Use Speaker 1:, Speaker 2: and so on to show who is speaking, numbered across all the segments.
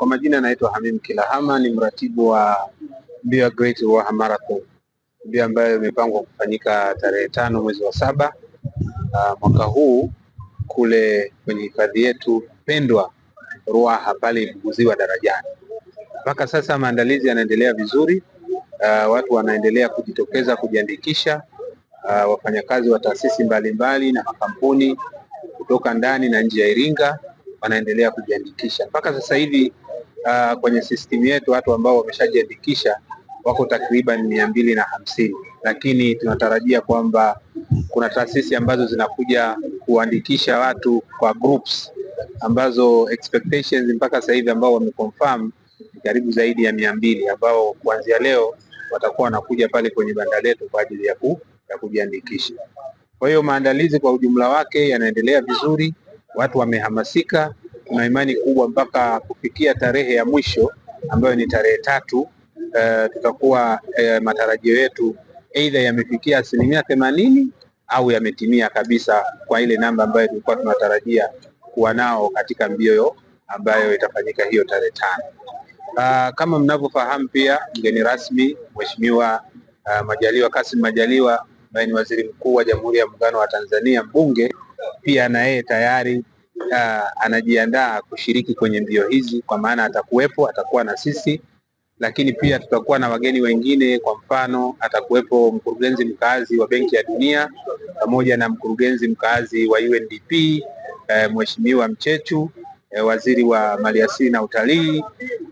Speaker 1: Kwa majina anaitwa Hamim Kilahama, ni mratibu wa Mbio Great Ruaha Marathon, mbio ambayo imepangwa kufanyika tarehe tano mwezi wa saba ah, mwaka huu kule kwenye hifadhi yetu pendwa Ruaha pale Ibuguziwa Darajani. Mpaka sasa maandalizi yanaendelea vizuri. Aa, ah, watu wanaendelea kujitokeza kujiandikisha, ah, wafanyakazi wa taasisi mbalimbali na makampuni kutoka ndani na nje ya Iringa wanaendelea kujiandikisha mpaka sasa hivi uh, kwenye system yetu watu ambao wameshajiandikisha wako takriban mia mbili na hamsini, lakini tunatarajia kwamba kuna taasisi ambazo zinakuja kuandikisha watu kwa groups ambazo expectations mpaka sasa hivi ambao wameconfirm karibu zaidi ya mia mbili ambao kuanzia leo watakuwa wanakuja pale kwenye banda letu kwa ajili ya, ku, ya kujiandikisha. Kwa hiyo maandalizi kwa ujumla wake yanaendelea vizuri, watu wamehamasika tuna imani kubwa mpaka kufikia tarehe ya mwisho ambayo ni tarehe tatu uh, tutakuwa uh, matarajio yetu aidha yamefikia asilimia themanini au yametimia kabisa kwa ile namba ambayo tulikuwa tunatarajia kuwa nao katika mbio ambayo itafanyika hiyo tarehe tano. Uh, kama mnavyofahamu pia mgeni rasmi Mheshimiwa uh, Majaliwa Kasim Majaliwa ambaye ni Waziri Mkuu wa Jamhuri ya Muungano wa Tanzania, mbunge pia na yeye tayari uh, anajiandaa kushiriki kwenye mbio hizi, kwa maana atakuwepo, atakuwa na sisi, lakini pia tutakuwa na wageni wengine. Kwa mfano, atakuwepo mkurugenzi mkaazi wa Benki ya Dunia pamoja na mkurugenzi mkaazi wa UNDP eh, Mheshimiwa Mchechu eh, waziri wa maliasili na utalii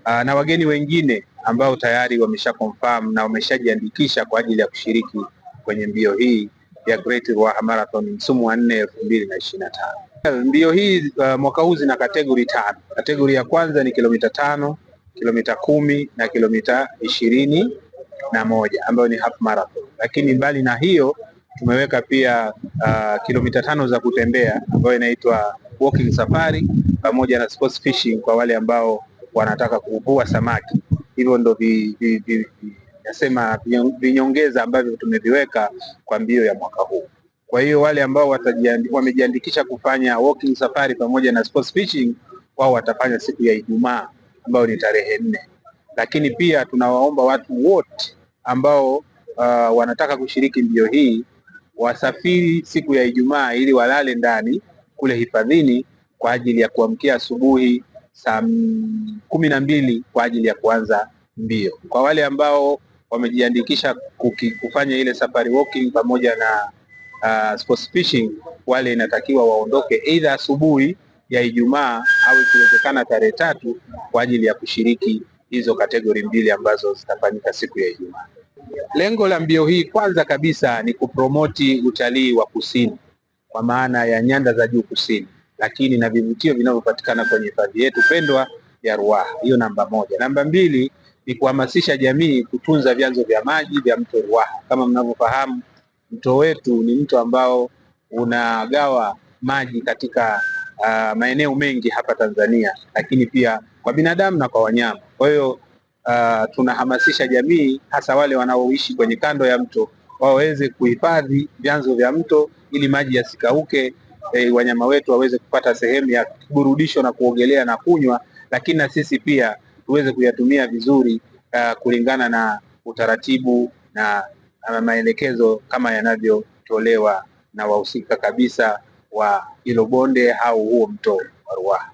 Speaker 1: uh, na wageni wengine ambao tayari wamesha confirm na wameshajiandikisha kwa ajili ya kushiriki kwenye mbio hii ya Great Ruaha Marathon msimu wa nne elfu mbili na ishirini na tano. Mbio hii uh, mwaka huu zina kategori tano. Kategori ya kwanza ni kilomita tano, kilomita kumi na kilomita ishirini na moja ambayo ni half marathon, lakini mbali na hiyo tumeweka pia uh, kilomita tano za kutembea ambayo inaitwa walking safari pamoja na sports fishing kwa wale ambao wanataka kuvua samaki. Hivyo ndo vi, vi, vi, vi, nasema vinyongeza ambavyo tumeviweka kwa mbio ya mwaka huu. Kwa hiyo wale ambao wamejiandikisha kufanya walking safari pamoja na sports fishing wao watafanya siku ya Ijumaa ambayo ni tarehe nne, lakini pia tunawaomba watu wote ambao uh, wanataka kushiriki mbio hii wasafiri siku ya Ijumaa ili walale ndani kule hifadhini kwa ajili ya kuamkia asubuhi saa kumi na mbili kwa ajili ya kuanza mbio. Kwa wale ambao wamejiandikisha kufanya ile safari walking pamoja na uh, sports fishing wale inatakiwa waondoke aidha asubuhi ya Ijumaa au ikiwezekana tarehe tatu kwa ajili ya kushiriki hizo kategori mbili ambazo zitafanyika siku ya Ijumaa. Lengo la mbio hii kwanza kabisa ni kupromoti utalii wa kusini kwa maana ya nyanda za juu kusini, lakini na vivutio vinavyopatikana kwenye hifadhi yetu pendwa ya Ruaha. Hiyo namba moja. Namba mbili ni kuhamasisha jamii kutunza vyanzo vya maji vya mto Ruaha. Kama mnavyofahamu, mto wetu ni mto ambao unagawa maji katika uh, maeneo mengi hapa Tanzania, lakini pia kwa binadamu na kwa wanyama. Kwa hiyo uh, tunahamasisha jamii hasa wale wanaoishi kwenye kando ya mto waweze kuhifadhi vyanzo vya mto ili maji yasikauke, eh, wanyama wetu waweze kupata sehemu ya burudisho na kuogelea na kunywa, lakini na sisi pia tuweze kuyatumia vizuri uh, kulingana na utaratibu na ama maelekezo kama yanavyotolewa na wahusika kabisa wa hilo bonde au huo mto wa Ruaha.